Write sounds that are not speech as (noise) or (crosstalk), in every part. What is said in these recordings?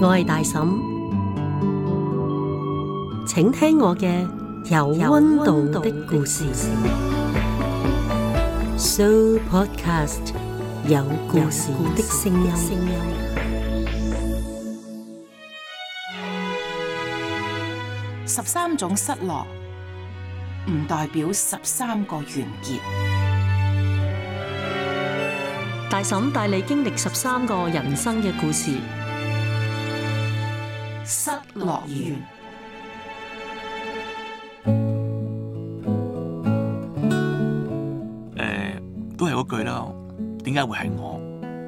我係大嬸，請聽我嘅有溫度的故事。So Podcast 有故事的聲音。十三種失落，唔代表十三個完結。大嬸帶你經歷十三個人生嘅故事。樂園誒，都係嗰句啦。點解會係我？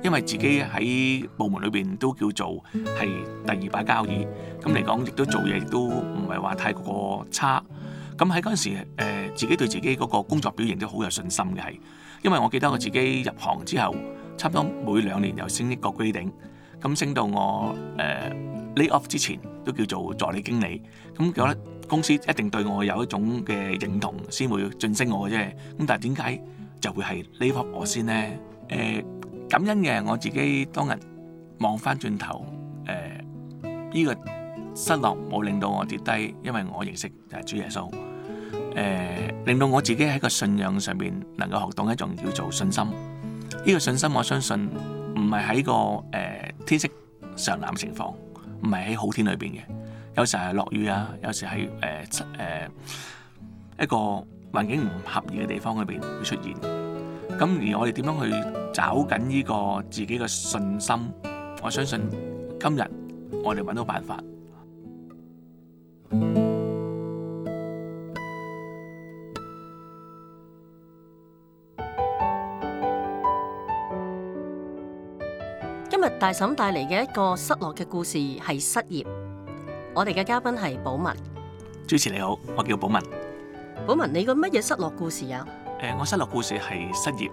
因為自己喺部門裏邊都叫做係第二把交椅。咁嚟講，亦都做嘢，亦都唔係話太過差。咁喺嗰陣時誒，自己對自己嗰個工作表現都好有信心嘅。係因為我記得我自己入行之後，差唔多每兩年又升一個 grading，咁升到我誒 lay off 之前。都叫做助理經理，咁我覺得公司一定對我有一種嘅認同，先會要晉升我嘅啫。咁但係點解就會係呢幅我先呢？誒，感恩嘅我自己當日望翻轉頭，誒，呢個失落冇令到我跌低，因為我認識就係主耶穌，誒，令到我自己喺個信仰上面能夠學懂一種叫做信心。呢個信心我相信唔係喺個誒天色常藍情況。唔係喺好天裏邊嘅，有時係落雨啊，有時喺誒誒一個環境唔合意嘅地方裏邊會出現。咁而我哋點樣去找緊呢個自己嘅信心？我相信今日我哋揾到辦法。大嬸帶嚟嘅一個失落嘅故事係失業，我哋嘅嘉賓係寶文。主持你好，我叫寶文。寶文，你個乜嘢失落故事啊？誒、呃，我失落故事係失業。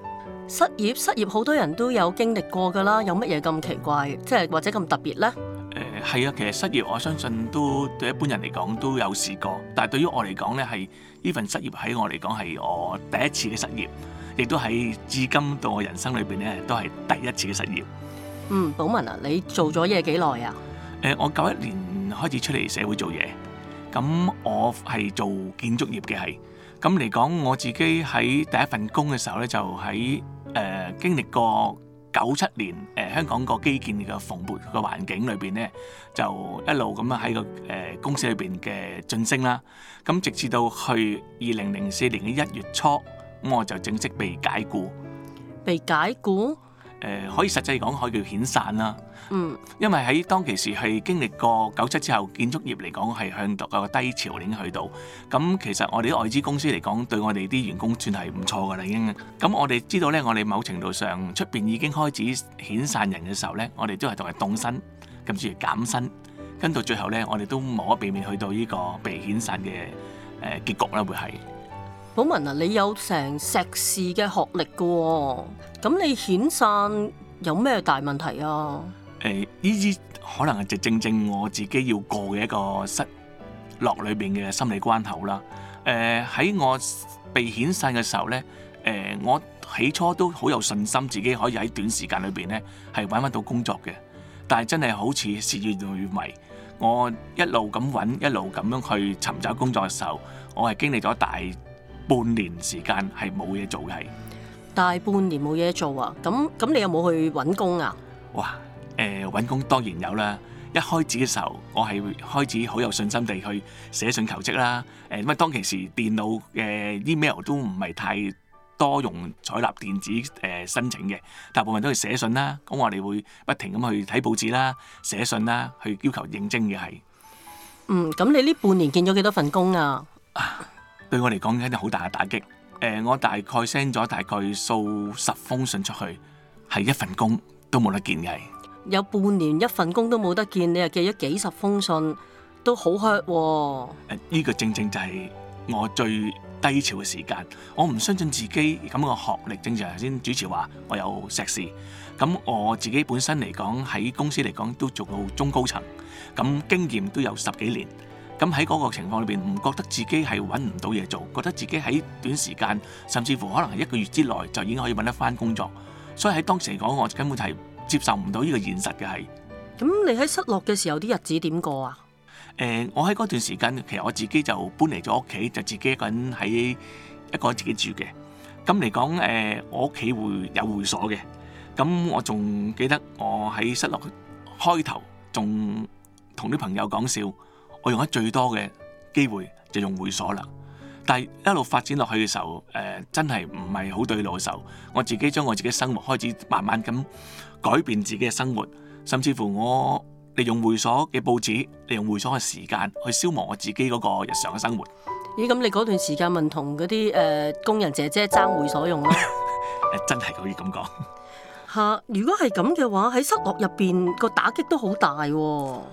失業，失業，好多人都有經歷過噶啦，有乜嘢咁奇怪？即係或者咁特別呢？誒、呃，係啊，其實失業，我相信都對一般人嚟講都有試過，但係對於我嚟講咧，係呢份失業喺我嚟講係我第一次嘅失業，亦都喺至今到我人生裏邊咧都係第一次嘅失業。嗯，寶文啊，你做咗嘢幾耐啊？誒、呃，我九一年開始出嚟社會做嘢，咁我係做建築業嘅，係咁嚟講，我自己喺第一份工嘅時候咧，就喺誒、呃、經歷過九七年誒、呃、香港個基建嘅蓬勃嘅環境裏邊咧，就一路咁樣喺個誒、呃、公司裏邊嘅晉升啦。咁直至到去二零零四年嘅一月初，咁我就正式被解雇。被解雇？誒、呃、可以實際講可以叫遣散啦，嗯，因為喺當其時係經歷過九七之後，建築業嚟講係向到個低潮已經去到，咁、嗯、其實我哋啲外資公司嚟講，對我哋啲員工算係唔錯噶啦已經，咁、嗯嗯嗯嗯、我哋知道咧，我哋某程度上出邊已經開始遣散人嘅時候咧，我哋都係同埋凍薪，甚至於減薪，跟到最後咧，我哋都冇可避免去到呢個被遣散嘅誒、呃、結局啦，會係。寶文啊，你有成碩士嘅學歷嘅，咁你遣散有咩大問題啊？誒、呃，呢啲可能係直正正我自己要過嘅一個失落裏邊嘅心理關口啦。誒、呃，喺我被遣散嘅時候咧，誒、呃，我起初都好有信心自己可以喺短時間裏邊咧係揾翻到工作嘅，但係真係好似事業越來越迷。我一路咁揾，一路咁樣去尋找工作嘅時候，我係經歷咗大半年時間係冇嘢做嘅，係大半年冇嘢做啊！咁咁，你有冇去揾工啊？哇！誒，揾工當然有啦。一開始嘅時候，我係開始好有信心地去寫信求職啦。誒，因為當其時電腦嘅 email 都唔係太多用採納電子誒申請嘅，大部分都係寫信啦。咁我哋會不停咁去睇報紙啦、寫信啦，去要求認證嘅係。嗯，咁你呢半年見咗幾多份工啊？對我嚟講，肯定好大嘅打擊。誒，我大概 send 咗大概數十封信出去，係一份工都冇得見嘅。有半年一份工都冇得見，你又寄咗幾十封信，都好 hurt。誒，呢個正正就係我最低潮嘅時間。我唔相信自己咁嘅學歷。正常頭先主持話我有碩士，咁我自己本身嚟講喺公司嚟講都做到中高層，咁經驗都有十幾年。咁喺嗰個情況裏邊，唔覺得自己係揾唔到嘢做，覺得自己喺短時間，甚至乎可能係一個月之內就已經可以揾得返工作。所以喺當時嚟講，我根本係接受唔到呢個現實嘅係。咁你喺失落嘅時候，啲日子點過啊？誒，我喺嗰段時間，其實我自己就搬嚟咗屋企，就自己一個人喺一個自己住嘅。咁嚟講，誒，我屋企會有會所嘅。咁我仲記得我喺失落開頭，仲同啲朋友講笑。我用得最多嘅機會就用會所啦，但係一路發展落去嘅時候，誒、呃、真係唔係好對路嘅時候，我自己將我自己生活開始慢慢咁改變自己嘅生活，甚至乎我利用會所嘅報紙，利用會所嘅時間去消磨我自己嗰個日常嘅生活。咦、嗯，咁你嗰段時間問同嗰啲誒工人姐姐爭會所用啦？ (laughs) 真係可以咁講吓。如果係咁嘅話，喺失落入邊個打擊都好大喎、哦。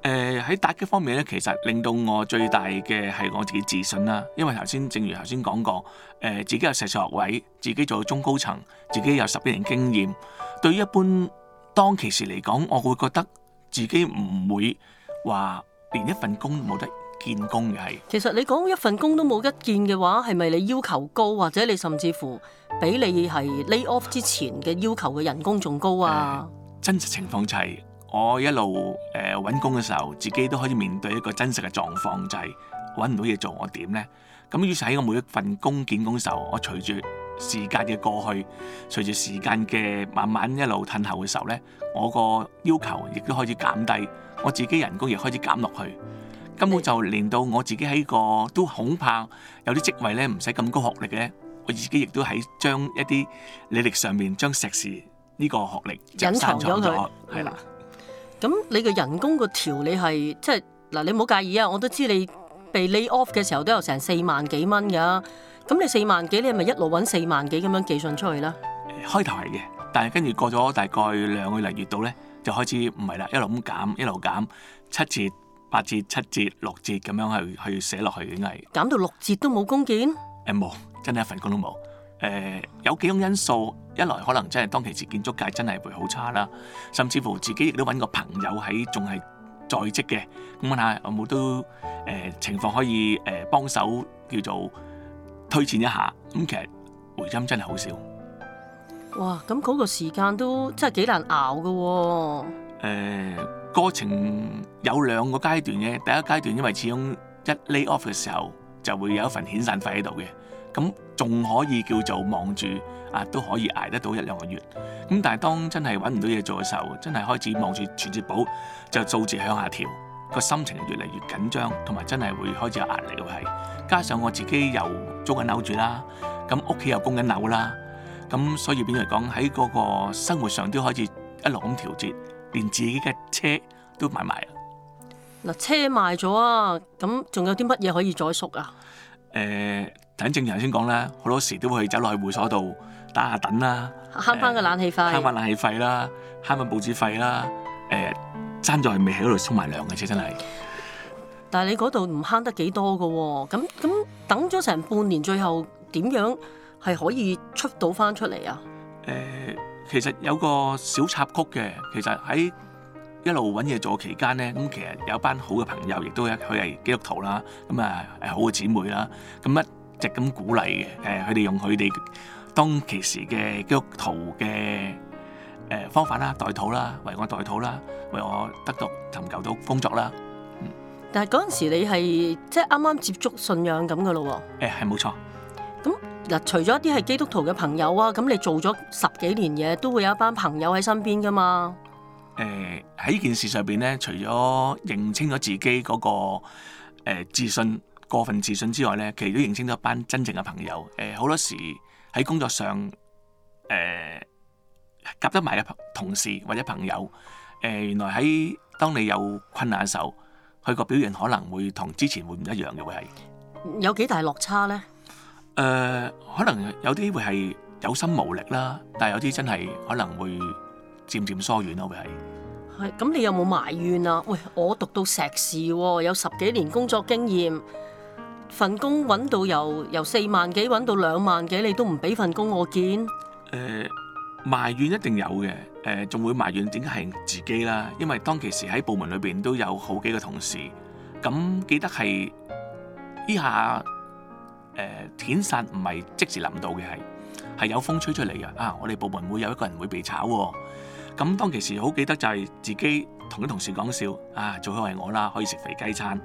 誒、呃，喺打擊方面咧，其實令到我最大嘅係我自己自信啦。因為頭先正如頭先講過，誒、呃、自己有碩士學位，自己做中高層，自己有十幾年經驗。對於一般當其時嚟講，我會覺得自己唔會話連一份工都冇得見工嘅係。其實你講一份工都冇得見嘅話，係咪你要求高，或者你甚至乎比你係 lay off 之前嘅要求嘅人工仲高啊、呃？真實情況就係、是。我一路誒揾、呃、工嘅時候，自己都開始面對一個真實嘅狀況，就係揾唔到嘢做，我點呢？咁於是喺我每一份工見工嘅時候，我隨住時間嘅過去，隨住時間嘅慢慢一路褪後嘅時候呢，我個要求亦都開始減低，我自己人工亦開始減落去，根本就令到我自己喺、這個都恐怕有啲職位呢唔使咁高學歷嘅，我自己亦都喺將一啲履歷上面將碩士呢個學歷隱藏咗，係啦。嗯咁你嘅人工個條你係即係嗱，你唔好介意啊！我都知你被 lay off 嘅時候都有成四萬幾蚊噶，咁你四萬幾，你係咪一路揾四萬幾咁樣寄信出去啦？開頭係嘅，但係跟住過咗大概兩個嚟月度咧，就開始唔係啦，一路咁減，一路減七折、八折、七折、六折咁樣係去寫落去已經係減到六折都冇工件。誒、呃、冇，真係一份工都冇。誒、呃、有幾種因素。一來可能真係當其時建築界真係會好差啦，甚至乎自己亦都搵個朋友喺仲係在職嘅，咁問下有冇都誒情況可以誒幫、呃、手叫做推薦一下？咁、嗯、其實回音真係好少。哇！咁嗰個時間都真係幾難熬嘅喎、哦。誒、呃，過程有兩個階段嘅，第一階段因為始終一 lay off 嘅時候就會有一份遣散費喺度嘅，咁、嗯、仲可以叫做望住，啊，都可以捱得到一兩個月，咁但係當真係揾唔到嘢做嘅時候，真係開始望住存折簿就數字向下跳，個心情越嚟越緊張，同埋真係會開始有壓力嘅，係加上我自己又租緊樓住啦，咁屋企又供緊樓啦，咁、啊啊、所以變嚟講喺嗰個生活上都開始一路咁調節，連自己嘅車都買賣埋啦。嗱，車賣咗啊，咁仲有啲乜嘢可以再縮啊？誒、呃，等正頭先講啦，好多時都會走落去會所度。打下、啊、等啦、啊，慳翻個冷氣費、啊，慳翻冷氣費啦、啊，慳翻報紙費啦、啊。誒、欸，爭在未喺度沖埋涼嘅啫，真係。但係你嗰度唔慳得幾多嘅喎、哦？咁咁等咗成半年，最後點樣係可以出到翻出嚟啊？誒、欸，其實有個小插曲嘅。其實喺一路揾嘢做期間咧，咁其實有班好嘅朋友，亦都有佢係基督徒啦，咁啊誒好嘅姊妹啦，咁一直咁鼓勵嘅。誒、欸，佢哋用佢哋。當其時嘅基督徒嘅誒、呃、方法啦，代禱啦，為我代禱啦，為我得到尋求到工作啦、嗯。但係嗰陣時你係即係啱啱接觸信仰咁嘅咯喎。誒，係冇錯。咁嗱，除咗一啲係基督徒嘅朋友啊，咁你做咗十幾年嘢，都會有一班朋友喺身邊㗎嘛。誒喺呢件事上邊咧，除咗認清咗自己嗰、嗰個、欸、自信過分自信之外咧，其實都認清咗一班真正嘅朋友。誒、欸、好多時。喺工作上，誒夾得埋嘅同事或者朋友，誒原來喺當你有困難嘅時候，佢個表現可能會同之前會唔一樣嘅，會係有幾大落差咧？誒，可能有啲會係有心無力啦，但係有啲真係可能會漸漸疏遠咯，會係。係咁，你有冇埋怨啊？喂，我讀到碩士喎，有十幾年工作經驗。份工揾到由由四萬幾揾到兩萬幾，你都唔俾份工我見。誒、呃、埋怨一定有嘅，誒、呃、仲會埋怨點解係自己啦。因為當其時喺部門裏邊都有好幾個同事，咁記得係呢下誒捲殺唔係即時臨到嘅，係係有風吹出嚟嘅啊！我哋部門會有一個人會被炒，哦。咁當其時好記得就係自己同啲同事講笑啊，最好係我啦，可以食肥雞餐。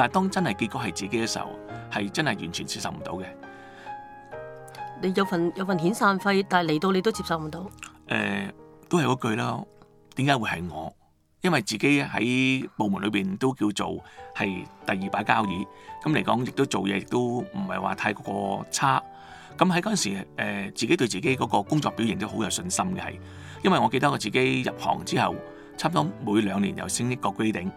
但係當真係結果係自己嘅時候，係真係完全接受唔到嘅。你有份有份遣散費，但係嚟到你都接受唔到。誒，都係嗰句囉。點解會係我？因為自己喺部門裏邊都叫做係第二把交椅。咁嚟講，亦都做嘢亦都唔係話太過差。咁喺嗰陣時誒，自己對自己嗰個工作表現都好有信心嘅係。因為我記得我自己入行之後，差唔多每兩年又升一個 grading。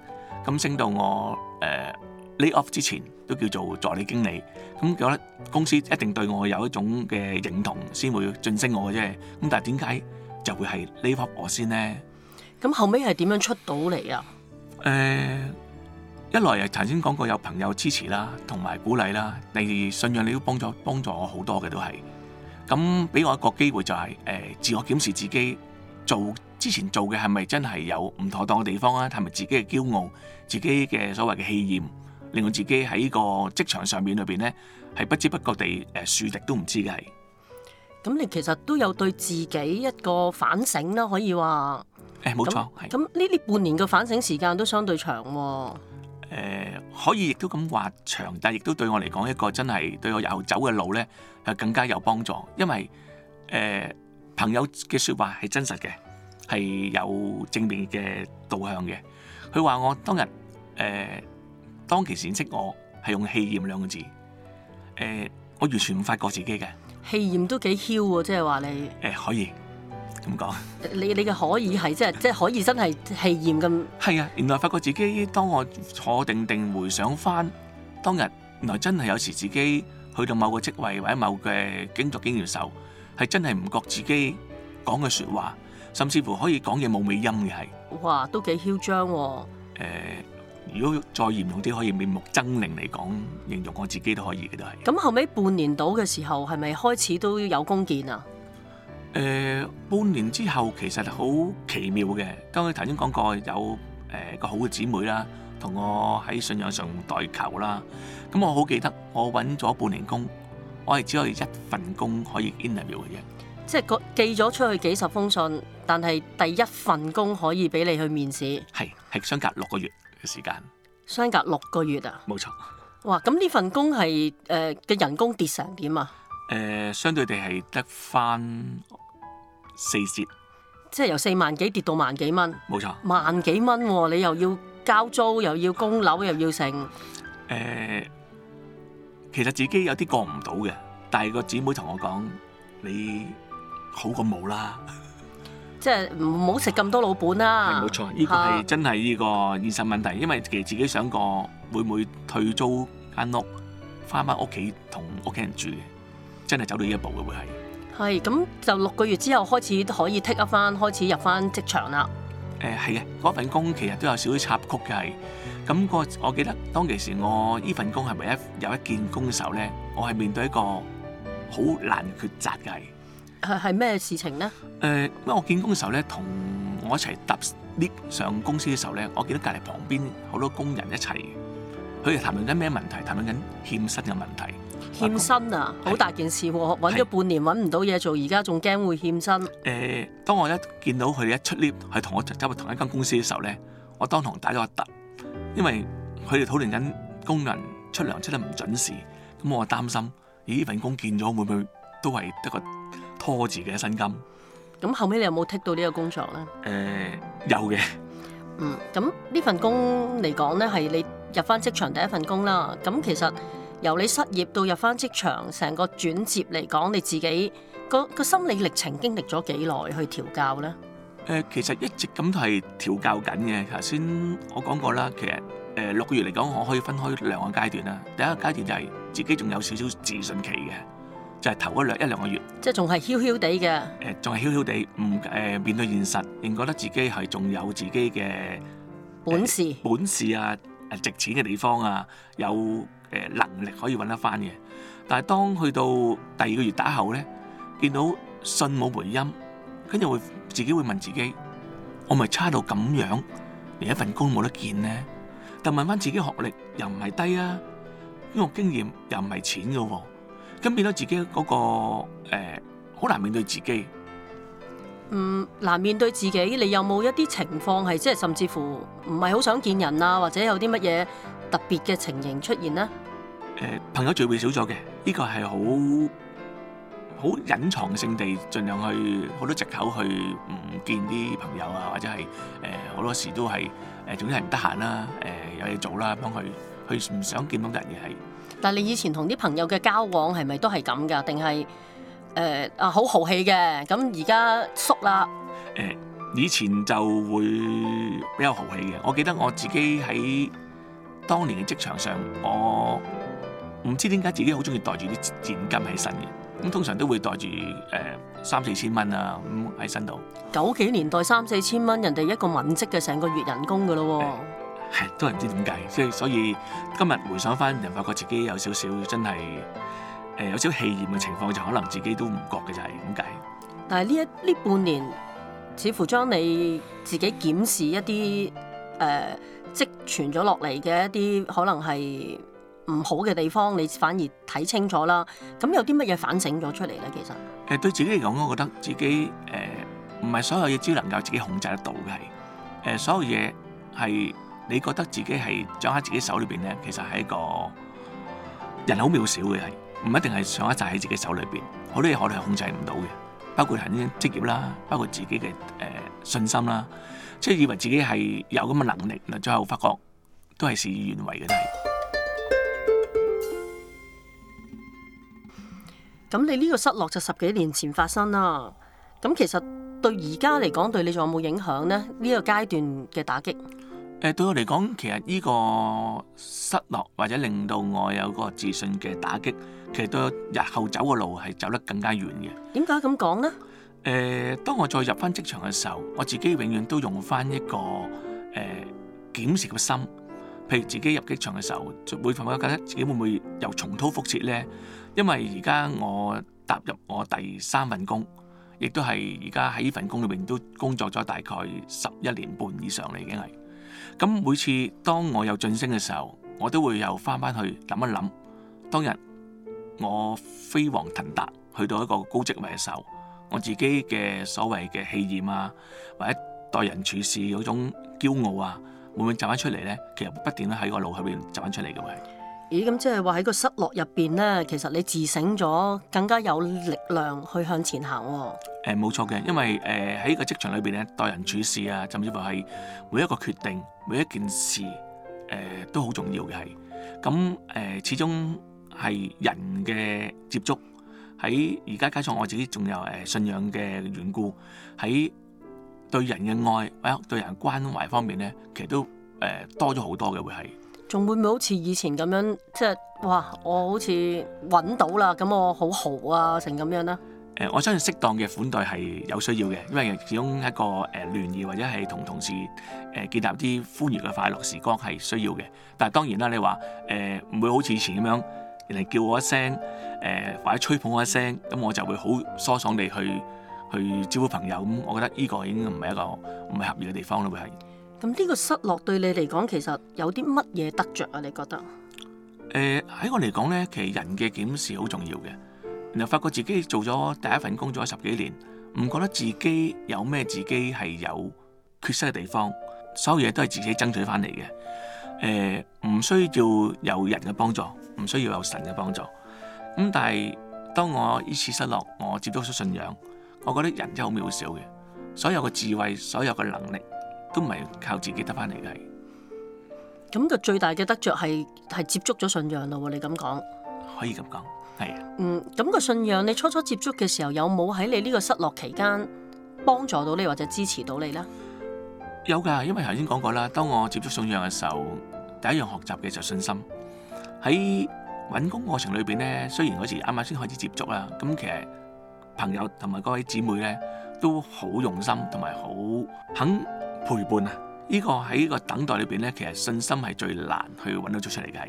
咁升到我誒。lay off 之前都叫做助理經理，咁我覺得公司一定對我有一種嘅認同，先會晉升我嘅啫。咁但係點解就會係 lay off 我先呢？咁後尾係點樣出到嚟啊？誒、呃，一來啊，頭先講過有朋友支持啦，同埋鼓勵啦。你哋信仰你都幫助幫助我好多嘅都係。咁俾我一個機會就係、是、誒、呃，自我檢視自己做之前做嘅係咪真係有唔妥當嘅地方啊？係咪自己嘅驕傲，自己嘅所謂嘅氣焰？令我自己喺個職場上面裏邊呢，係不知不覺地誒樹敵都唔知嘅係。咁你其實都有對自己一個反省啦，可以話。誒、冇錯，係。咁呢啲半年嘅反省時間都相對長喎、哦呃。可以亦都咁話長，但亦都對我嚟講一個真係對我以後走嘅路呢，係更加有幫助，因為誒、呃、朋友嘅説話係真實嘅，係有正面嘅導向嘅。佢話我當日誒。呃當其時識我係用氣焰兩個字，誒，我完全唔發覺自己嘅氣焰都幾囂，即係話你誒可以咁講，你你嘅可以係即係即係可以真係氣焰咁係啊！原來發覺自己，當我坐定定回想翻，當日原來真係有時自己去到某個職位或者某個經讀經教授，係真係唔覺自己講嘅說話，甚至乎可以講嘢冇尾音嘅係，哇，都幾囂張誒。如果再嚴重啲，可以面目猙獰嚟講形容我自己都可以嘅。都係咁。後尾半年到嘅時候，係咪開始都有工見啊？誒、呃，半年之後其實好奇妙嘅。當佢頭先講過有誒、呃、個好嘅姊妹啦，同我喺信仰上代求啦。咁我好記得我揾咗半年工，我係只可以一份工可以 interview 嘅啫。即係個寄咗出去幾十封信，但係第一份工可以俾你去面試，係係相隔六個月。時間相隔六個月啊，冇錯。哇，咁呢份工係誒嘅人工跌成點啊？誒、呃，相對地係得翻四折，即係由四萬幾跌到萬幾蚊，冇錯。萬幾蚊，啊，你又要交租，又要供樓，又要剩。誒、呃，其實自己有啲過唔到嘅，但係個姊妹同我講，你好過冇啦。即係唔好食咁多老本啦。係冇錯，呢個係真係呢個現實問題，因為其實自己想過會唔會退租間屋，翻返屋企同屋企人住嘅，真係走到呢一步嘅會係。係咁就六個月之後開始都可以 take 翻，開始入翻職場啦。誒係嘅，嗰份工其實都有少少插曲嘅係。咁個我記得當其時我呢份工係咪一有一件工嘅時候咧，我係面對一個好難抉擇嘅。係咩事情呢？誒、呃，因為我見工嘅時候咧，同我一齊搭 lift 上公司嘅時候咧，我見到隔離旁邊好多工人一齊，佢哋談論緊咩問題？談論緊欠薪嘅問題。欠薪啊，好、呃、大件事喎、啊！揾咗半年揾唔到嘢做，而家仲驚會欠薪。誒、呃，當我一見到佢哋一出 lift 係同我走去同一間公司嘅時候咧，我當堂打咗一突，因為佢哋討論緊工人出糧出得唔準時，咁我啊擔心，咦？份工見咗會唔會都係一個？拖自己嘅薪金，咁後尾你有冇 take 到呢個工作呢？誒、呃，有嘅。嗯，咁呢份工嚟講呢，係你入翻職場第一份工啦。咁其實由你失業到入翻職場，成個轉接嚟講，你自己個，個心理歷程經歷咗幾耐去調教呢？誒、呃，其實一直咁都係調教緊嘅。頭先我講過啦，其實誒、呃、六個月嚟講，我可以分開兩個階段啦。第一個階段就係自己仲有少少自信期嘅。就係頭一兩一兩個月，即係仲係囂囂地嘅。誒，仲係囂囂地，唔誒面對現實，仍覺得自己係仲有自己嘅本事、本事啊，值錢嘅地方啊，有誒能力可以揾得翻嘅。但係當去到第二個月打後咧，見到信冇回音，跟住會自己會問自己：我咪差到咁樣，連一份工冇得見呢？但問翻自己學歷又唔係低啊，呢個經驗又唔係淺嘅喎。咁變到自己嗰個誒，好難面對自己。嗯，難，面對自己，你有冇一啲情況係即係甚至乎唔係好想見人啊？或者有啲乜嘢特別嘅情形出現呢？誒，朋友聚會少咗嘅，呢個係好好隱藏性地，盡量去好多藉口去唔見啲朋友啊，或者係誒好多時都係誒，總之係唔得閒啦，誒有嘢做啦，咁樣去去唔想見到人嘅係。但係你以前同啲朋友嘅交往係咪都係咁㗎？定係誒啊好豪氣嘅？咁而家縮啦。誒以前就會比較豪氣嘅。我記得我自己喺當年嘅職場上，我唔知點解自己好中意袋住啲現金喺身嘅。咁通常都會袋住誒三四千蚊啦，咁喺身度。九幾年代三四千蚊，人哋一個文職嘅成個月人工㗎咯喎。呃係都唔知點解，即係所以，所以今日回想翻，人發覺自己有少少真係誒、呃、有少氣焰嘅情況，就可能自己都唔覺嘅，就係咁解。但係呢一呢半年，似乎將你自己檢視一啲誒積存咗落嚟嘅一啲可能係唔好嘅地方，你反而睇清楚啦。咁有啲乜嘢反省咗出嚟咧？其實誒、呃、對自己嚟講，我覺得自己誒唔係所有嘢只能夠自己控制得到嘅，係誒、呃、所有嘢係。你覺得自己係掌握自己手裏邊咧，其實係一個人好渺小嘅，係唔一定係掌握喺自己手裏邊，好多嘢可能係控制唔到嘅。包括係啲職業啦，包括自己嘅誒、呃、信心啦，即係以為自己係有咁嘅能力，嗱最後發覺都係事與願違嘅，都係。咁你呢個失落就十幾年前發生啦。咁其實對而家嚟講，對你仲有冇影響呢？呢、呢個階段嘅打擊。誒對我嚟講，其實呢個失落或者令到我有個自信嘅打擊，其實都日後走嘅路係走得更加遠嘅。點解咁講呢？誒，當我再入翻職場嘅時候，我自己永遠都用翻一個誒檢視嘅心。譬如自己入職場嘅時候，每份工覺得自己會唔會又重蹈覆轍呢？因為而家我踏入我第三份工，亦都係而家喺呢份工裏邊都工作咗大概十一年半以上嚟嘅，係。咁每次當我有晉升嘅時候，我都會又翻翻去諗一諗，當日我飛黃騰達去到一個高職位嘅時候，我自己嘅所謂嘅氣焰啊，或者待人處事嗰種驕傲啊，會唔會走翻出嚟呢？其實不斷喺個腦入邊走翻出嚟嘅喎。咦，咁即係話喺個失落入邊咧，其實你自省咗，更加有力量去向前行喎。誒，冇錯嘅，因為誒喺個職場裏邊咧，待人處事啊，甚至乎係每一個決定、每一件事，誒都好重要嘅。係咁誒，始終係人嘅接觸。喺而家加上我自己仲有誒信仰嘅緣故，喺對人嘅愛、對人關懷方面咧，其實都誒多咗好多嘅，會係。仲會唔會好似以前咁樣，即係哇！我好似揾到啦，咁我好豪啊，成咁樣啦。誒、呃，我相信適當嘅款待係有需要嘅，因為始終一個誒、呃、聯誼或者係同同事誒、呃、建立啲歡愉嘅快樂時光係需要嘅。但係當然啦，你話誒唔會好似以前咁樣，人哋叫我一聲誒、呃、或者吹捧我一聲，咁我就會好疏爽地去去招呼朋友。咁我覺得呢個已經唔係一個唔係合意嘅地方咯，會係。咁呢個失落對你嚟講，其實有啲乜嘢得着啊？你覺得？誒、呃，喺我嚟講呢，其實人嘅檢視好重要嘅。然後發覺自己做咗第一份工作十幾年，唔覺得自己有咩自己係有缺失嘅地方。所有嘢都係自己爭取翻嚟嘅。誒、呃，唔需要有人嘅幫助，唔需要有神嘅幫助。咁、嗯、但係當我依次失落，我接觸咗信仰，我覺得人真係好渺小嘅。所有嘅智慧，所有嘅能力。都唔係靠自己得翻嚟嘅，咁個最大嘅得着係係接觸咗信仰咯，你咁講，可以咁講，係啊，嗯，咁個信仰你初初接觸嘅時候，有冇喺你呢個失落期間幫助到你或者支持到你呢？有噶，因為頭先講過啦，當我接觸信仰嘅時候，第一樣學習嘅就信心。喺揾工過程裏邊呢，雖然嗰時啱啱先開始接觸啦，咁其實朋友同埋各位姊妹呢，都好用心同埋好肯陪伴啊！呢、呢個喺呢個等待裏邊呢，其實信心係最難去揾到做出嚟嘅。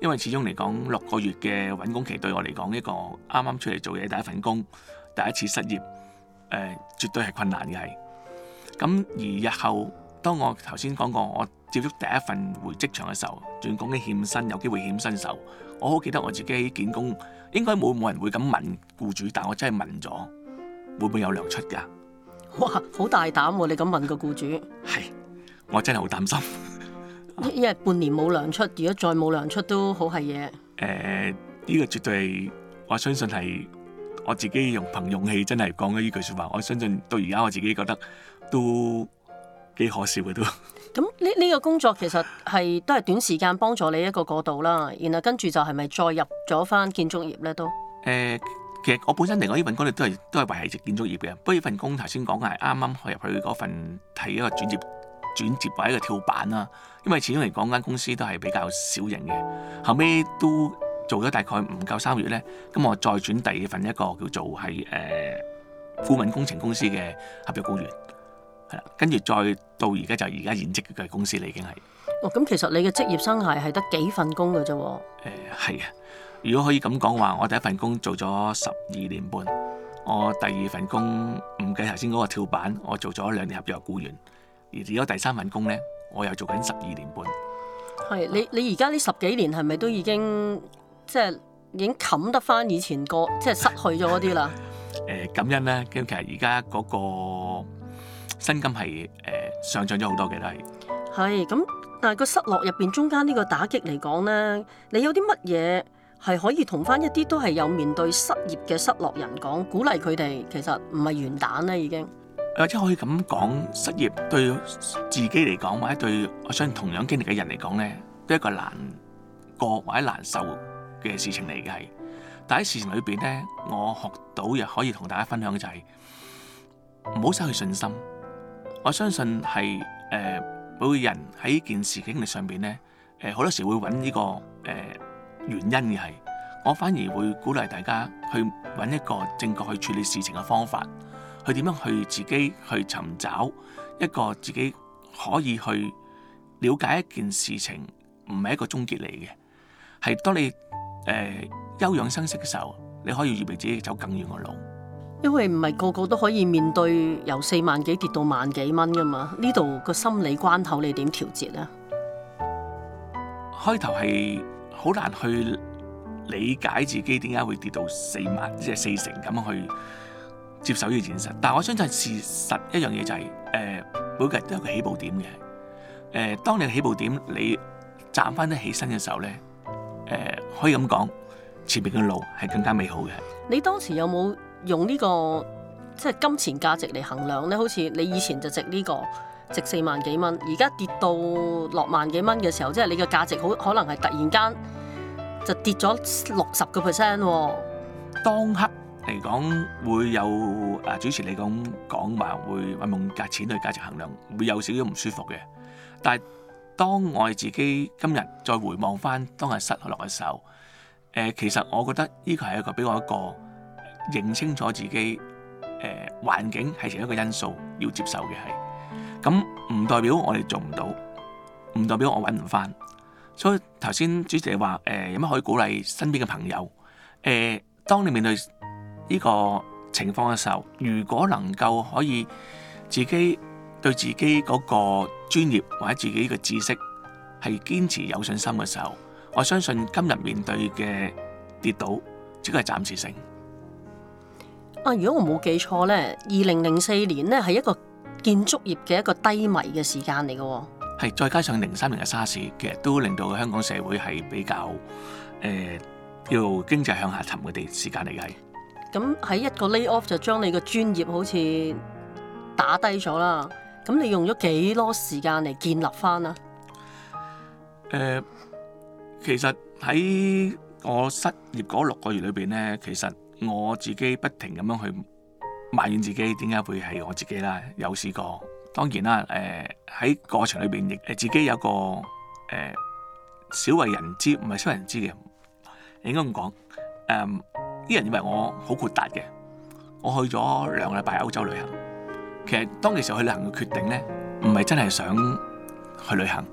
因為始終嚟講六個月嘅揾工期對我嚟講一個啱啱出嚟做嘢第一份工，第一次失業，誒、呃、絕對係困難嘅。係咁而日後，當我頭先講過，我接觸第一份回職場嘅時候，仲講緊欠薪有機會欠薪嘅時候，我好記得我自己喺建工，應該冇冇人會咁問僱主，但我真係問咗，會唔會有糧出㗎？哇，好大膽喎，啊！你咁問個僱主，係我真係好擔心， (laughs) 因為半年冇糧出，如果再冇糧出都好係嘢。誒、呃，呢、這個絕對係我相信係我自己用憑勇氣真係講緊呢句説話。我相信到而家我自己覺得都幾可笑嘅都。咁呢呢個工作其實係都係短時間幫助你一個過渡啦，然後跟住就係咪再入咗翻建築業咧都？誒、呃。其實我本身嚟講呢份工都係都係為係建築業嘅，不過呢份工頭先講嘅係啱啱去入去嗰份係一個轉接轉接或者一個跳板啦，因為始終嚟講間公司都係比較小型嘅，後尾都做咗大概唔夠三月咧，咁我再轉第二份一個叫做係誒、呃、顧問工程公司嘅合約工員，係啦，跟住再到而家就而家現，現職嘅公司嚟已經係。哦，咁其實你嘅職業生涯係得幾份工嘅啫？誒、呃，係啊。如果可以咁講話，我第一份工做咗十二年半，我第二份工唔計頭先嗰個跳板，我做咗兩年合約僱員，而如果第三份工咧，我又做緊十二年半。係。你你而家呢十幾年係咪都已經即係已經冚得翻以前個即係失去咗嗰啲啦？誒、 (laughs) 呃、感恩咧，咁其實而家嗰個薪金係誒上漲咗好多嘅，係係咁，但係個失落入邊中間呢個打擊嚟講咧，你有啲乜嘢？係可以同翻一啲都係有面對失業嘅失落人講，鼓勵佢哋其實唔係元旦完蛋咧，已經。或者可以咁講，失業對自己嚟講，或者對我相信同樣經歷嘅人嚟講呢都係一個難過或者難受嘅事情嚟嘅係。但喺事情裏邊呢，我學到又可以同大家分享嘅就係唔好失去信心。我相信係誒、呃，每個人喺呢件事經歷上邊呢，誒、呃、好多時會揾呢、這個誒。呃原因嘅係，我反而會鼓勵大家去揾一個正確去處理事情嘅方法，去點樣去自己去尋找一個自己可以去了解一件事情，唔係一個終結嚟嘅，係當你誒、呃、休養生息嘅時候，你可以預備自己走更遠嘅路。因為唔係個個都可以面對由四萬幾跌到萬幾蚊噶嘛，呢度個心理關口你點調節咧？開頭係。好難去理解自己點解會跌到四萬，即係四成咁樣去接受呢個現實。但係我相信事實一樣嘢就係，誒，每個人都有個起步點嘅。誒，當你起步點你站翻得起身嘅時候咧，誒，可以咁講，前面嘅路係更加美好嘅。你當時有冇用呢個即係金錢價值嚟衡量咧？好似你以前就值呢個。值四萬幾蚊，而家跌到六萬幾蚊嘅時候，即係你嘅價值好可能係突然間就跌咗六十個 percent。當刻嚟講會有啊，主持你噉講話會為用價錢去價值衡量，會有少少唔舒服嘅。但係當我哋自己今日再回望翻當日失落嘅時候，誒、呃、其實我覺得呢個係一個俾我一個認清楚自己誒環、呃、境係成一個因素要接受嘅係。咁唔代表我哋做唔到，唔代表我揾唔翻。所以頭先主席話誒，有乜可以鼓勵身邊嘅朋友？誒，當你面對呢個情況嘅時候，如果能夠可以自己對自己嗰個專業或者自己嘅知識係堅持有信心嘅時候，我相信今日面對嘅跌倒只係暫時性。啊，如果我冇記錯咧，二零零四年咧，係一個。建築業嘅一個低迷嘅時間嚟嘅喎，係再加上零三年嘅沙士，其實都令到香港社會係比較誒、呃、要經濟向下沉嘅地時間嚟嘅係。咁喺一個 lay off 就將你嘅專業好似打低咗啦，咁你用咗幾多時間嚟建立返啊？誒、呃，其實喺我失業嗰六個月裏邊咧，其實我自己不停咁樣去。埋怨自己點解會係我自己啦？有試過，當然啦。誒、呃、喺過程裏邊亦誒自己有個誒少、呃、為人知，唔係少為人知嘅。應該咁講，誒啲人以為我好豁達嘅。我去咗兩個禮拜歐洲旅行，其實當其時去旅行嘅決定咧，唔係真係想去旅行，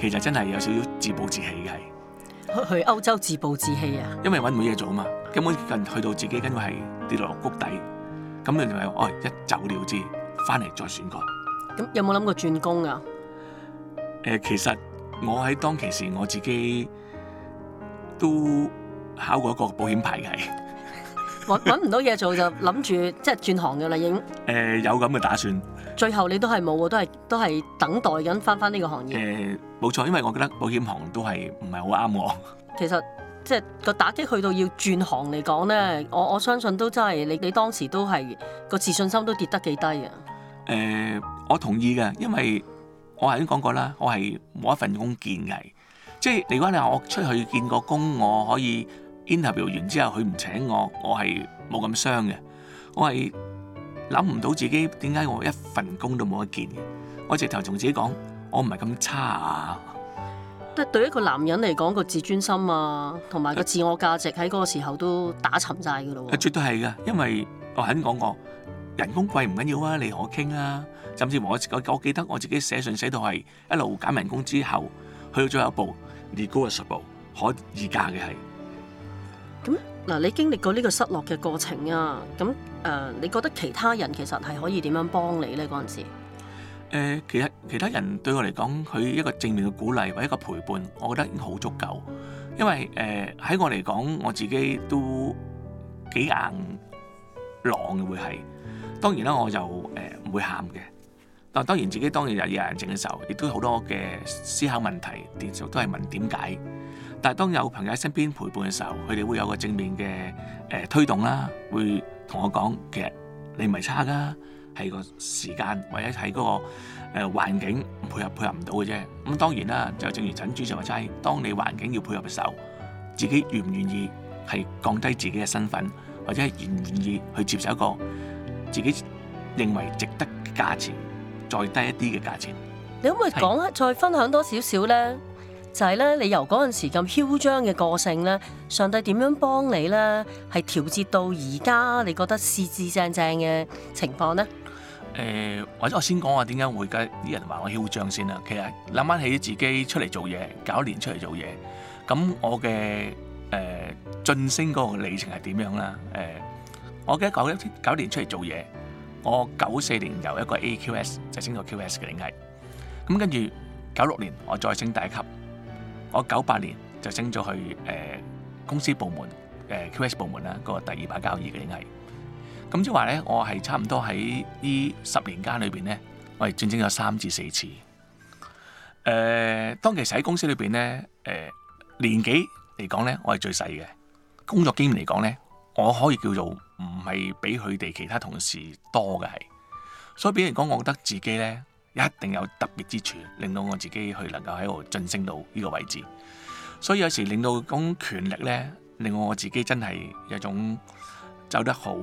其實真係有少少自暴自棄嘅。去去歐洲自暴自棄啊！因為搵唔到嘢做啊嘛，根本近去到自己根本係跌落谷底。咁你哋話，哦、哎，一走了之，翻嚟再選過。咁、嗯、有冇諗過轉工啊？誒、呃，其實我喺當其時我自己都考過一個保險牌嘅，搵搵唔到嘢做就諗住即係轉行嘅啦已經。誒、呃，有咁嘅打算。最後你都係冇，都係都係等待緊翻翻呢個行業。誒、呃，冇錯，因為我覺得保險行都係唔係好啱我。其實。即係個打擊去到要轉行嚟講咧，我我相信都真係你你當時都係個自信心都跌得幾低啊！誒、呃，我同意嘅，因為我係已經講過啦，我係冇一份工見嘅，即係如果你話我出去見個工，我可以 interview 完之後佢唔請我，我係冇咁傷嘅，我係諗唔到自己點解我一份工都冇得見嘅，我直頭同自己講，我唔係咁差啊！即係對一個男人嚟講，個自尊心啊，同埋個自我價值喺嗰、啊、個時候都打沉晒噶咯喎。係絕對係噶，因為我肯講過，人工貴唔緊要啊，你同我傾啊。甚至我我，我記得我自己寫信寫到係一路減人工之後，去到最後一步，negotiable 可議價嘅係。咁嗱，你經歷過呢個失落嘅過程啊？咁誒，你覺得其他人其實係可以點樣幫你呢？嗰陣時？誒，其實其他人對我嚟講，佢一個正面嘅鼓勵或一個陪伴，我覺得已經好足夠。因為誒喺我嚟講，我自己都幾硬朗嘅會係。當然啦，我就誒唔會喊嘅。但係當然自己當然日日靜嘅時候，亦都好多嘅思考問題，連續都係問點解。但係當有朋友喺身邊陪伴嘅時候，佢哋會有個正面嘅誒推動啦，會同我講，其實你唔係差㗎。係個時間或者係嗰個誒環境配合配合唔到嘅啫。咁當然啦，就正如陳主席話齋，當你環境要配合嘅時候，自己願唔願意係降低自己嘅身份，或者係願唔願意去接受一個自己認為值得嘅價錢再低一啲嘅價錢？你可唔可以講下再分享多少少咧？就係咧，你由嗰陣時咁囂張嘅個性咧，上帝點樣幫你咧？係調節到而家你覺得四四正正嘅情況咧？誒，或者我先講下點解會嘅啲人話我囂張先啦。其實諗翻起自己出嚟做嘢，呃呃，九年出嚟做嘢，咁我嘅誒晉升嗰個里程係點樣啦？誒，我記得九一九年出嚟做嘢，我九四年由一個 AQS 就升到 QS 嘅境界。咁跟住九六年我再升第一級，我九八年就升咗去誒，呃、公司部門誒，呃、QS 部門啦，嗰，嗰個第二把交椅嘅境界。咁即係話咧，我係差唔多喺呢十年間裏邊咧，我係轉職咗三至四次。誒，當其時喺公司裏邊咧，誒年紀嚟講咧，我係最細嘅。工作經驗嚟講咧，我可以叫做唔係比佢哋其他同事多嘅係。所以，比如講，我覺得自己咧一定有特別之處，令到我自己去能夠喺度晉升到呢個位置。所以有時令到嗰種權力咧，令到我自己真係有種走得好，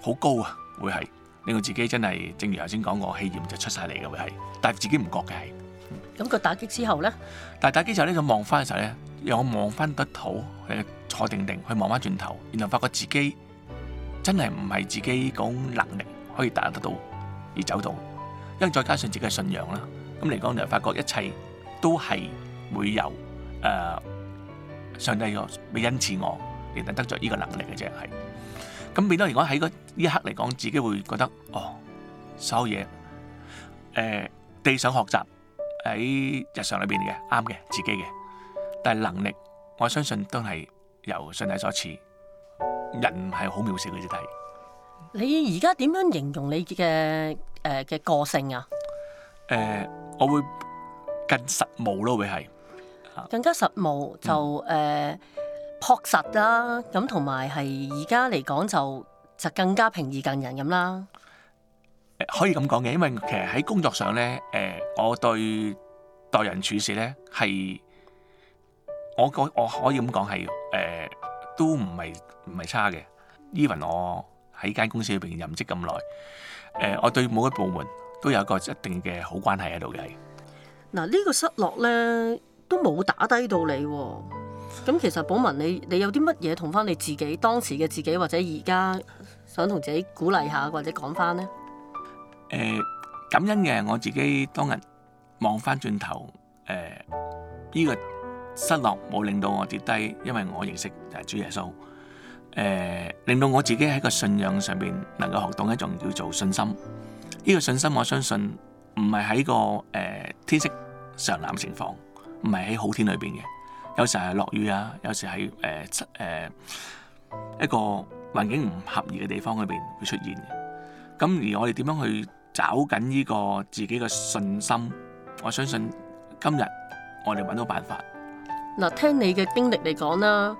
好高啊，會係令到自己真係，正如頭先講過，氣焰就出晒嚟嘅會係，但係自己唔覺嘅係。咁個打擊之後咧，但係打擊之後呢，就望翻嘅時候咧，讓我望翻得，肚，佢坐定定去望翻轉頭，然後發覺自己真係唔係自己講能力可以打得到而走到，因為再加上自己嘅信仰啦，咁嚟講就發覺一切都係會有誒、呃、上帝個俾恩賜我，你能得咗呢個能力嘅啫係。咁變多如果喺呢一刻嚟講，自己會覺得哦，所有嘢誒地上學習喺日常裏邊嘅啱嘅，自己嘅，但係能力我相信都係由上帝所賜，人唔係好渺小嘅啫。睇你而家點樣形容你嘅誒嘅個性啊？誒，我會更實務咯，會係更加實務就誒。樸實啦，咁同埋係而家嚟講就就更加平易近人咁啦。誒，可以咁講嘅，因為其實喺工作上咧，誒，我對待人處事咧，係，我我我可以咁講係，誒，都唔係唔係差嘅。Even 我喺間公司入邊任職咁耐，誒，我對某一個部門都有一個一定嘅好關係喺度嘅。嗱，呢個失落咧都冇打低到你。咁其實寶文，你你有啲乜嘢同翻你自己當時嘅自己，或者而家想同自己鼓勵下，或者講翻呢？誒、呃，感恩嘅我自己，當日望翻轉頭，誒、呃，依、這個失落冇令到我跌低，因為我認識就係主耶穌，誒、呃，令到我自己喺個信仰上邊能夠學懂一種叫做信心。呢、這個信心，我相信唔係喺個誒、呃、天色常藍情況，唔係喺好天裏邊嘅。有時係落雨啊，有時喺誒誒一個環境唔合意嘅地方裏面會出現嘅。咁而我哋點樣去找緊呢個自己嘅信心？我相信今日我哋揾到辦法。嗱，聽你嘅經歷嚟講啦，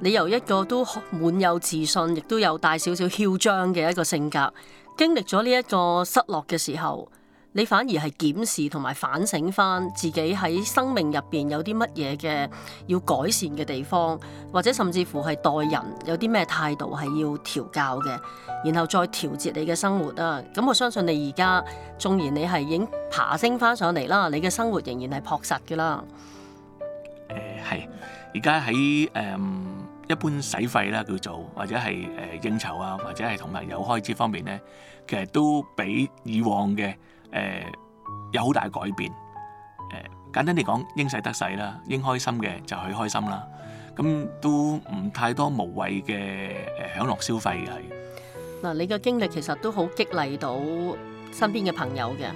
你由一個都滿有自信，亦都有帶少少囂張嘅一個性格，經歷咗呢一個失落嘅時候。你反而係檢視同埋反省翻自己喺生命入邊有啲乜嘢嘅要改善嘅地方，或者甚至乎係待人有啲咩態度係要調教嘅，然後再調節你嘅生活啊。咁我相信你而家縱然你係已經爬升翻上嚟啦，你嘅生活仍然係樸實嘅啦、呃。誒係，而家喺誒一般使費啦，叫做或者係誒、呃、應酬啊，或者係同朋友開支方面呢，其實都比以往嘅。誒、呃、有好大改變，誒、呃、簡單地講，應使得使啦，應開心嘅就去開心啦，咁、嗯、都唔太多無謂嘅享樂消費係。嗱，你嘅經歷其實都好激勵到身邊嘅朋友嘅，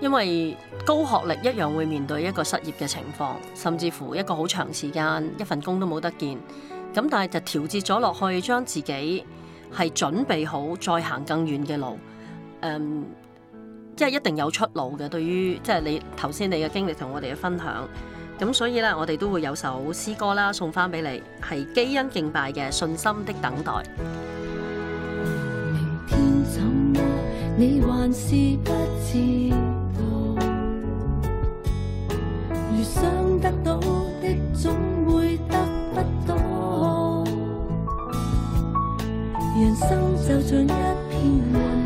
因為高學歷一樣會面對一個失業嘅情況，甚至乎一個好長時間一份工都冇得見，咁但係就調節咗落去，將自己係準備好再行更遠嘅路，嗯即係一定有出路嘅，對於即係你頭先你嘅經歷同我哋嘅分享，咁所以咧，我哋都會有首詩歌啦，送翻俾你，係《基恩敬拜》嘅《信心的等待》。明天